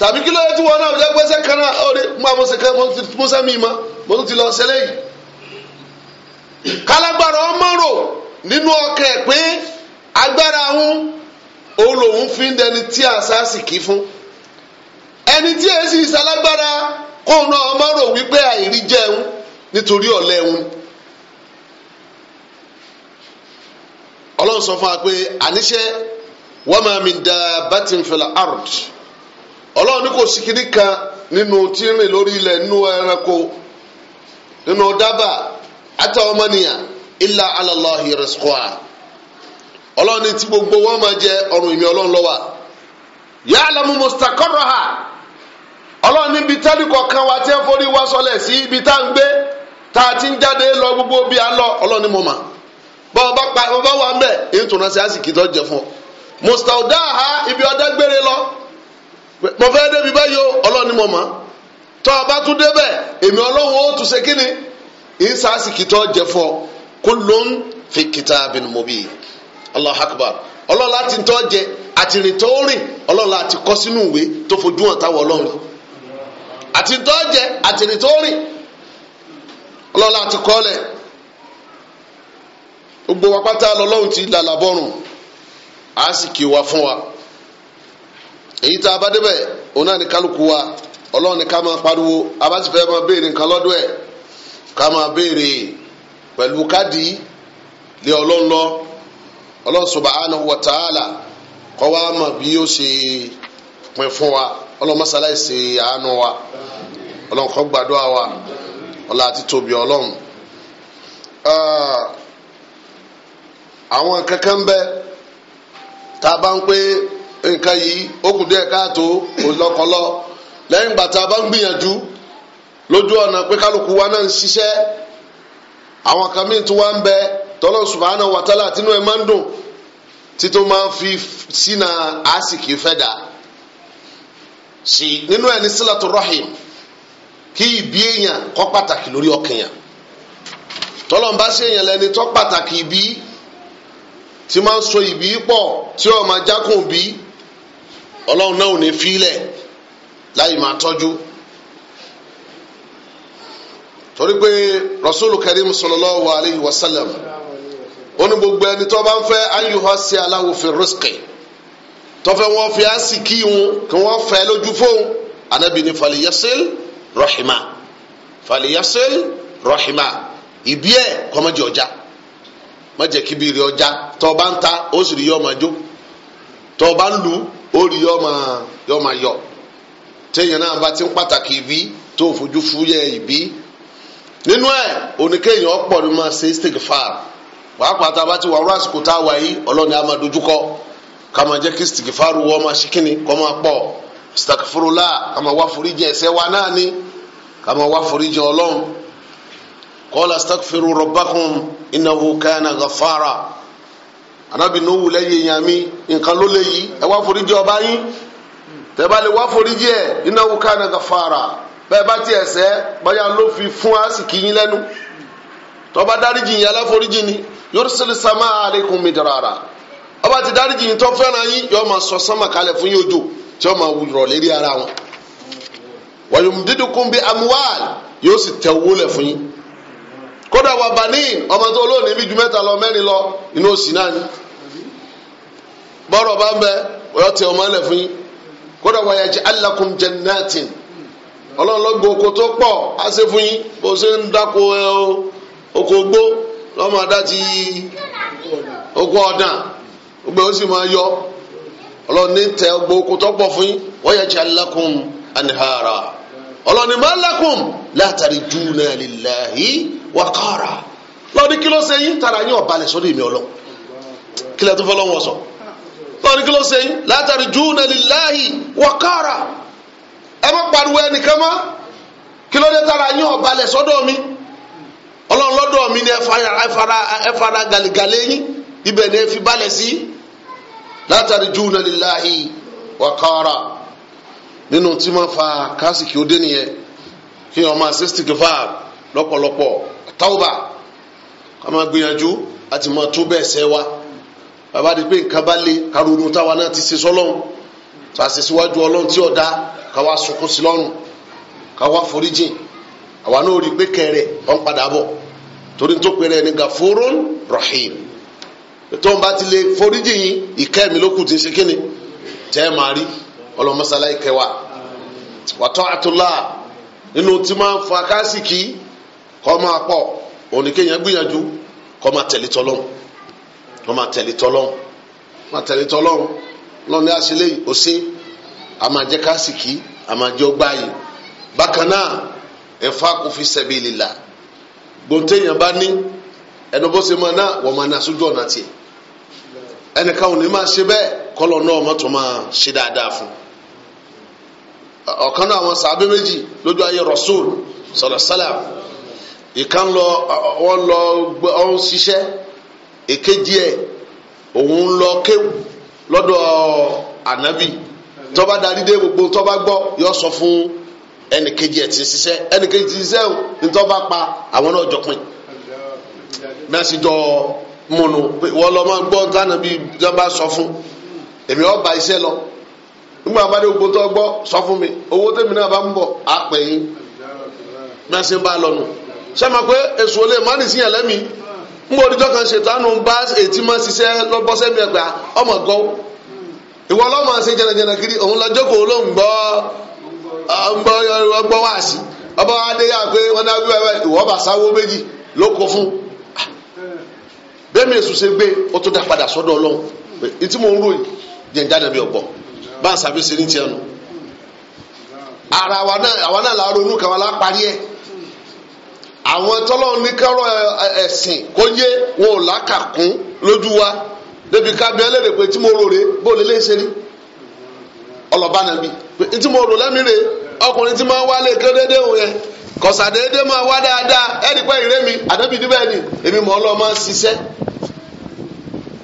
tàbí kí ló yẹ tí wọn náà jẹ pẹsẹ kan náà ó de mú àmọsẹ kan mo ti mú sẹmi ma mo tún ti lọ ṣẹlẹ̀ yìí kálágbára ọmọ rò nínú ọkẹ pé agbára òun òun lòun fi ń dẹni tí àṣà sì kí fún ẹni tí èsì ìsalágbára kóun náà ọmọ rò wípé àìrí jẹun nítorí ọ̀lẹ́hun ọlọ́run sọ fún wa pé àníṣe wa ma min dabbatin fil ard ọlọ́run ní kò sí kan nínú tí ń rìn lórí ilẹ̀ nínú ẹranko nínú dábà àti ọmọnìyàn illa ala Allahi ọlọ́run ní gbogbo wọn máa jẹ ọrùn ìmí ọlọ́run ọlọ́run níbi tẹ́lifọ̀ kan wa tí forí sọlẹ̀ sí ibi tá gbé tá ti ń jáde lọ gbogbo bí a lọ ọlọ́run ni bá pa bá wà ń bẹ̀ èyí tó tó jẹ ibi ọdẹ gbére lọ mo fẹ́ débi báyìí o ọlọ́run ni mà tọ́ ọ bá tún débẹ̀ èmi ó tún ṣe kí ni tó jẹ fún ọ fi láti tọ́ jẹ àti dọ́jẹ àti èrè tó rìn ọlọ́lá àti kọ́lẹ̀ gbogbo wa pátá lọ́lọ́run ti làlà bọ́rùn á sì kí wa fún wa èyí tá a bá débẹ̀ òun náà ní kálukú wa ọlọ́run ní ká máa pariwo a bá sì fẹ́ máa béèrè nǹkan lọ́dọ̀ ẹ̀ ká máa béèrè pẹ̀lú káàdì lé ọlọ́run lọ ọlọ́run subhanahu wa ta'ala kọ́ wa mọ̀ bí yóò ṣe pín fún wa ọlọmọsáláì ṣe àánú wa Ọlọ́run kó gbàdúrà wa ọlọ àti tóbi Ọlọ́run ah, àwọn kankan bẹ tá a bá ń pé nǹkan yìí ó kù díẹ̀ káàtó kò lẹ́yìn ìgbà tá a bá ń gbìyànjú lójú ọ̀nà pé kálukú wa náà ń ṣiṣẹ́ àwọn kan míì tún wá ń bẹ tọ́lọ́run subhanahu wa ta'ala tínú ẹ̀ máa ń dùn títún máa ń fi sínà àásìkì fẹ́ dà si nínú ẹni sílẹ̀tò rahim kí ìbí èèyàn kọ́ pàtàkì lórí ọkàn tọ́lọ́n bá ṣe èèyàn lẹ́ni tó pàtàkì ìbí tí máa ń so ìbí pọ̀ tí ó máa jákùn bí ọlọ́run náà ò ní fílẹ̀ láì máa tọ́jú torí pé rasulu karim sallallahu alayhi wa sallam ó ní gbogbo ẹni tó bá tọ́fẹ́ wọn fi àsìkí wọn kí wọ́n fẹ́ lójú fóun anabi ni faliyasil rahima faliyasil rahima ìbí ẹ̀ kọ́mọ́jì ọjà má jẹ́ kí bìrì ọjà tọ́ ọ bá ń ta ó sì rí yọ ọmọ jó tọ́ ọ bá ń lu ó rí yọ ọmọ yọ ọmọ yọ téèyàn náà bá ti ń pàtàkì ìbí tó fojú fúyẹ́ ìbí nínú ẹ̀ oníkéèyàn ọ̀pọ̀ ni máa ṣe stigfar pàápàá tá a bá ti wà rásìkò tá a wà yìí ọlọ́ni a dojúkọ kama jẹ́ kí sitikifaru wọ́n ma ṣe kíni kọ́ ma pọ̀ sitakifurula kama wá foríjì ẹ̀ṣẹ̀ wa náà ni kama wá foríjì ọlọ́run kọ́lá sitakifiru rọ̀bákun ináwó kẹ́hánà gàfàrà anabi nuhu lẹ́yìn èèyàn mi nǹkan ló lè yí ẹ wá foríjì ọba yín tẹ́ bá lè wá foríjì ẹ̀ ináwó kẹ́hánà gàfàrà bẹ́ẹ̀ bá tiẹ̀ ṣẹ̀ báyà ló fi fún àsìkí yín lẹ́nu tọ́ba dáríjì yín aláforíjì ni yorùsílì sàmà àlékún mi dàrà ọba ti dáríjì yìí tó yín yóò ma sọ sánmà kalẹ̀ fún yín òjò tí ọ ma rọ̀ lérí ara wọn wàyùm dídùkún bíi amuwal yóò sì tẹ owó lẹ̀ fún yín kódà wà banin ọmọ tó olóòní bí ju lọ mẹ́rin lọ inú òsì náà ni bọ́rọ̀ bá ń bẹ tẹ ọmọ fún yín kódà wà alakum ọlọ́ọ̀lọ́gbọ̀ oko tó pọ̀ á fún yín bó ṣe ń dáko oko gbó ti oko gbogbo ó sì máa yọ ọlọ́ni tẹ gbogbo okùn tó pọ̀ fún yín wọ́n yẹ kí alákùn anihara ọlọ́ni máa lákùn látàrí júùnà lillahi wàkàrà lọ́ni kí ló ṣe yín tara yín ọ̀balẹ̀ sórí mi ọlọ́ kí lẹ́tọ́ fọlọ́wọ́ sọ lọ́ni kí ló ṣe yín látàrí júùnà lillahi wàkàrà ẹ má pariwo ẹnìkan mọ́ kí ló dé tara yín ọ̀balẹ̀ sọ́dọ̀ mi ọlọ́run lọ́dọ̀ mi ni ẹ fara gàlẹ́gàlẹ́ yín ibẹ̀ ni ẹ fi balẹ̀ sí. Si látàrí júùnà líláhi wàkàrà nínú tí wọ́n fa kásìkì ó dé nìyẹn kí wọ́n máa ṣe sìkìfà lọ́pọ̀lọpọ̀ táwùbà ká máa gbìyànjú àti máa tó bẹ́ẹ̀ sẹ́ wa bàbá di pé nǹkan bá lé karùnún táwa náà ti ṣe sọ́lọ́run tàṣe síwájú ọlọ́run tí ọ̀dá káwa sunkún sí lọ́rùn káwa foríjìn àwa náà rí i pé kẹrẹ ọ̀n padà bọ̀ torí tó pẹrẹ ní gafurun rahim. tó bá ti lè foríjì yín ìkẹ́ mi ló kù ti ṣe kíni tẹ́ ẹ máa rí ọlọ́mọsálá ìkẹwà wàtọ́ àtúlá nínú tí máa ń fa kásìkì kọ́ máa pọ̀ òní kéèyàn gbìyànjú kọ́ máa tẹ̀lé tọ́lọ́n kọ́ máa tẹ̀lé tọ́lọ́n máa tẹ̀lé lọ́ni àṣìlẹ̀ àmàjẹ́ àmàjẹ́ bákan náà ẹ̀fà kò fi gbọ̀ntẹ́yìn bá ní ẹnu ṣe máa ná ẹnìkan ò ní máa ṣe bẹ́ẹ̀ kọ́lọ̀ náà ọmọ tó máa ṣe dáadáa fún ọ̀kan náà àwọn sàábé méjì lójú ayé rasul sọlọsálà ìkan lọ wọn lọ gbé ọhún ṣiṣẹ́ èkejì ẹ̀ òun lọ kéwù lọ́dọ̀ ànábì tọ́ba darí dé gbogbo tọ́ba gbọ́ yọ sọ fún ẹnìkejì ẹ̀ ti ṣiṣẹ́ ẹnìkejì ti ṣiṣẹ́ ntọ́ba pa àwọn náà jọ pin mẹ́sìdọ́ọ́. múnu wọ́n lọ máa gbọ tánà bíi jọba sọ fún èmi ọba iṣẹ́ lọ nígbà bá dé gbogbo tó gbọ́ sọ fún mi owó tèmi náà bá ń bọ̀ yín bá lọ pé èso olè má nì síyàn lẹ́mìí kan mi ọmọ ìwọ lọ́mọ ṣe kiri òun lọ jókòó ló ń gbọ́ bẹ́ẹ̀ mi èso ṣe gbé ó tó dá padà sọ́dọ̀ ọlọ́run pé etí mo ń ròyìn jẹ́ ń jáde bá a sàbí ṣe ní tiẹ̀ nù ara àwa náà àwa náà la ronú kan wa la parí ẹ̀ àwọn tọ́lọ́run ní kọ́rọ̀ ẹ̀sìn kó yé wọn ò lákàkún lójú wa débi ká bí pé tí mo rò rè bó lè lè ṣe rí ọlọ́ba nàbí mo rò lẹ́mìí rè ọkùnrin tí yẹn kọ̀sàdéédé máa wá dáadáa ẹni pẹ́ ìré mi àdébí níbẹ̀ ni èmi mọ̀ ọ́ lọ́ máa ń ṣiṣẹ́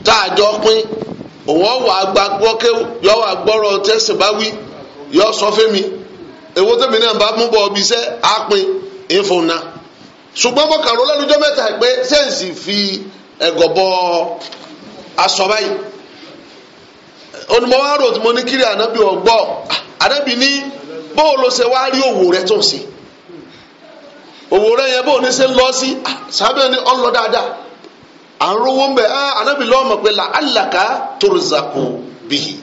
tá a jọ pín òun wà gbàgbọ́ kéwù yọ wà gbọ́rọ̀ tẹ́sán bá wí yọ sọ fún mi èwo tèmi náà bá mú bọ̀ ọbí iṣẹ́ á pín ìfún náà ṣùgbọ́n mo kàn ró lẹ́nujọ́ mẹ́ta pé sẹ́ǹsì fi ẹ̀gọ̀ bọ aṣọ báyìí onímọ̀wá rò tí mo ní kiri ànábì ọ̀gbọ́ ànábì ní bóòlù ṣe wá rí òwò rẹ tó ń sìn. owuwe rẹ yẹn bó ní ṣe ń lọ sí ah, sábẹ́ ni ọ̀ lọ dáadáa à ń rówó ń bẹ̀ ẹ́ ah, anábì lọ́mọ̀ pé làálàkà tòrìzàkù bìhì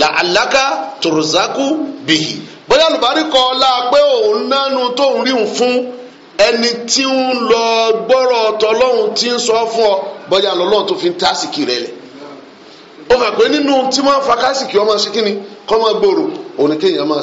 làálàkà tòrìzàkù bìhì bóyá olùbárí kọ́ la pé òun nánu tó ń ríhun fún ẹni tí ń lọ ọ bóyá tó fi ń tásìkì rẹ lẹ̀ ó hàn pé nínú tí fa kásìkì ọmọ ṣe kọ́ máa gbòòrò òun ni kéèyàn máa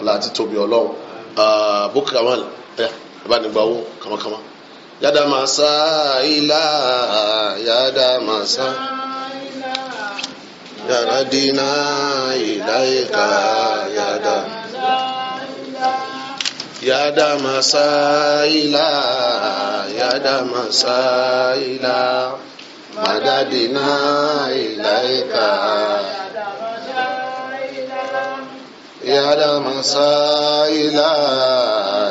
ọlá àti tóbi ọlọ́run ah, bókè àwọn ìbánigba owó kàmákàmá yàdá màá ilá yàdá màá sá dínà ìlà ìka yàdá yàdá màá ilá yàdá màá ilá màdá dínà ìlà ìka. يا مسائلا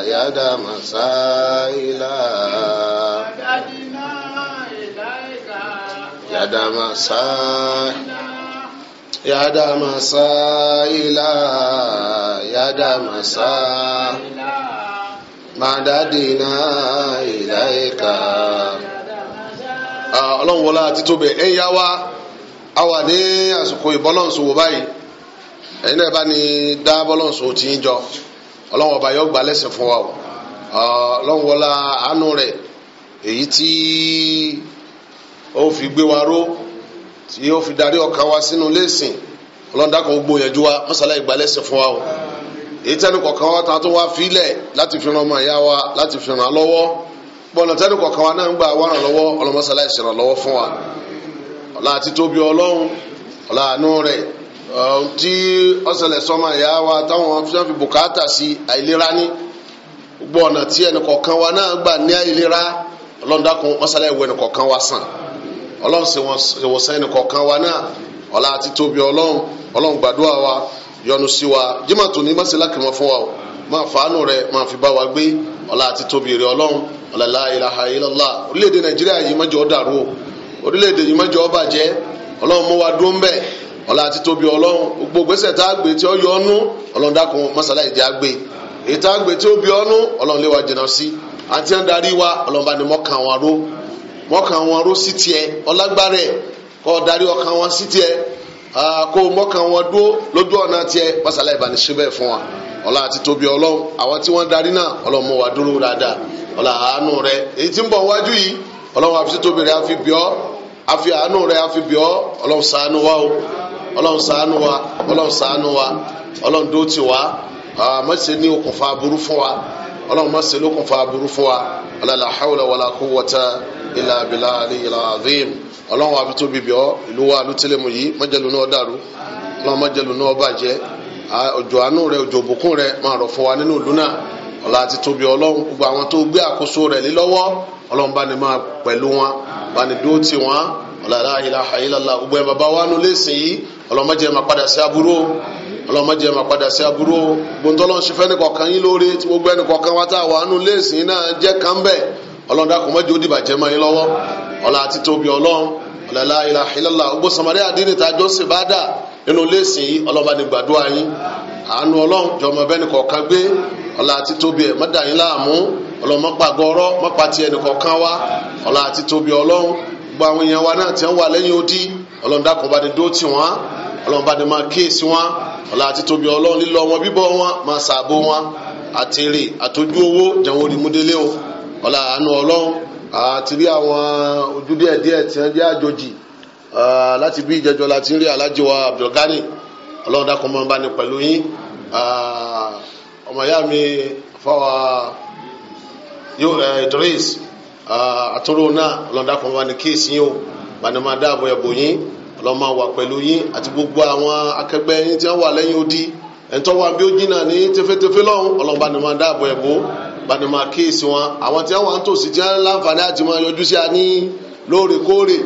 يا مسائلا يا مسائلا يا مسائلا يا مسائلا مددنا إليك ọlọ́run wọlá àti tóbẹ̀ ẹ̀yà wa a wà ní àsìkò ìbọ́lọ́nsowó báyìí ẹ̀yin náà bá ní dá bọ́lọ́nsó ti ń jọ ọlọ́wọ́n ọba yóò gbà lẹ́sìn fún wa o ọlọ́wọ́n àánú rẹ̀ èyí tí ó fi gbé wa ró tí ó fi darí ọkàn wa sínú lẹ́sìn ọlọ́dàkọ̀ gbogbo yẹn ju wa mọ́sálá ìgbà lẹ́sìn fún wa o èyí tẹ́nu kọ̀ọ̀kan wa tó filẹ̀ láti fi ràn ọmọ ìyá láti fi ràn án lọ́wọ́ bọ́ọ̀nà tẹ́nu kọ̀ọ̀kan ń gbà wá ràn lọ́wọ́ ohun tí ọ̀sẹ̀lẹ̀ sọmọ ìyá wa táwọn fi fi bùkátà sí àìlera ní gbogbo ọ̀nà tí ẹnìkọ̀ọ̀kan wa náà gbà ní àìlera ọlọ́run dákun ọ̀sẹ̀lẹ̀ ìwé ẹnìkọ̀ọ̀kan wa sàn ọlọ́run ṣèwòsàn ẹnìkọ̀ọ̀kan wa náà ọlá àti tóbi ọlọ́run ọlọ́run gbàdúrà wa yọ́nú sí wa jimá tó ní mọ́sálá kìmọ̀ fún wa o máa fàánù rẹ máa fi bá wa gbé ọlá àti tóbi rẹ ọlọ́run ọ̀làlá ìlàhà ìlàlá orílẹ̀-èdè nàìjíríà yìí má jẹ́ ó dàrú o orílẹ̀-èdè yìí má jẹ́ ó bàjẹ́ ọlọ́run mú wa ọlá àti tóbi ọlọ́run gbogbo gbèsè tá a gbé tí ó yọ ọ́nú ọlọ́run dákun mọ́sálá ìdí àgbè èyí tá a gbé tí ó bí ọ́nú ọlọ́run lé wa jìnnà sí àti ẹ̀ ń darí wa ọlọ́run bá ní mọ́kàn wọn ró mọ́kàn wọn ró sí tiẹ̀ ọlágbárẹ̀ kọ́ darí ọkàn wọn sí tiẹ̀ kó mọ́kàn wọn dúró lójú ọ̀nà tiẹ̀ mọ́sálá ìbánisẹ́ bẹ́ẹ̀ fún wa ọlá àti tóbi ọlọ́run àwọn tí wọ́n darí náà ọlọ́run mọ́ wa dúró dáadáa ọlá àánú àfi àánú rẹ àfi bíọ́ ọlọ́run ṣàánú wa o ọlọ́run ṣàánú wa ọlọ́run ṣàánú wa ọlọ́run dó tì wá má ṣe ní okùnfà aburú fún wa ọlọ́run má ṣe lókùnfà aburú fún wa ọlọ́la hawla wàlá quwwata illa billahi al-azim ọlọ́run àfi tóbi bíọ́ ìlú wa lùtìlẹ̀mù yìí májẹ̀lú náà dàrú ọlọ́run májẹ̀lú náà bàjẹ́ òjò àánú rẹ òjò òbùkún rẹ máa rọ̀ fún wa nínú ìlú náà ọlá àti tóbi ọlọ́run gbogbo àwọn tó gbé àkóso rẹ̀ lé ọlọ́run bá ní máa pẹ̀lú wọn bá ní dúró tì wọ́n ọ̀làlá ilaha illallah gbogbo ẹ̀ bàbá wa nu lẹ́sìn yìí ọlọ́mọdé máa padà sí aburú ọlọ́mọdé máa padà sí aburú gbóntọ́lọ́ ṣe fẹ́ nìkọ̀kan yín lóore tí gbogbo ẹnìkọ̀kan wa tá a wà nu lẹ́sìn náà jẹ́ kan bẹ́ẹ̀ ọlọ́dà kò mọ́jọ́ dìbàjẹ́ mọ́ yín lọ́wọ́ ọ̀là àti tóbi ọlọ́run ọ̀làlá ilaha illallah ni gbàdúrà yín àánú ọlọ́run jọmọ gbogbo àwọn èèyàn wa náà tí wọ́n wà lẹ́yìn odi ọlọ́run dákọ̀ bá ní dó tì wọ́n ọlọ́run bá máa kíyèsí wọn ọlọ́run àti tóbi ọlọ́run lílọ wọn bíbọ wọn máa ṣàbò wọn àtèrè àtòjú owó jẹun onímúdélé o ọlọ́run àánú ọlọ́run àti rí àwọn ojú díẹ̀ díẹ̀ tí wọ́n jẹ́ àjòjì láti bí ìjẹjọ láti rí alájì wa Abdulgani ọlọ́run dákọ̀ mọ́ bá ní pẹ̀lú yín ọmọ ìyá mi fọwọ́ Idris Ah, àtúrò náà ọlọ́dà fún wa ní kéèsì yìí o bani dáàbò ẹ̀bò yín ọlọ́run wà pẹ̀lú yín àti gbogbo àwọn akẹgbẹ́ yín tí wọ́n wà lẹ́yìn odi ẹ̀ńtọ́ wa bí ó jìnnà ní tẹfẹ́tẹfẹ́ lọ́hùn ọlọ́run bani máa dáàbò ẹ̀bò bani máa kéèsì wọn àwọn tí wọ́n wà ń tòsí tí wọ́n láǹfààní àti máa yọjú sí a ní lóòrèkóòrè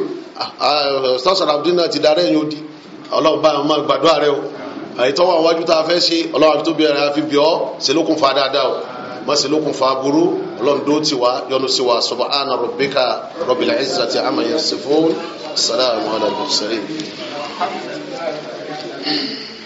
ah, ah, sọ́sọ̀rọ̀ abdul náà ti darẹ́ yín odi ọlọ́run bá máa gbàdúrà rẹ o àyètọ́wọ́ àwọn wájú tá a fẹ́ ṣe ọlọ́run àbí tó mọ́sílókun fa burú ọlọ́ndó ti wá yọnu sí wa subhana rabbika rabbil izzati amma yasifun salamu ala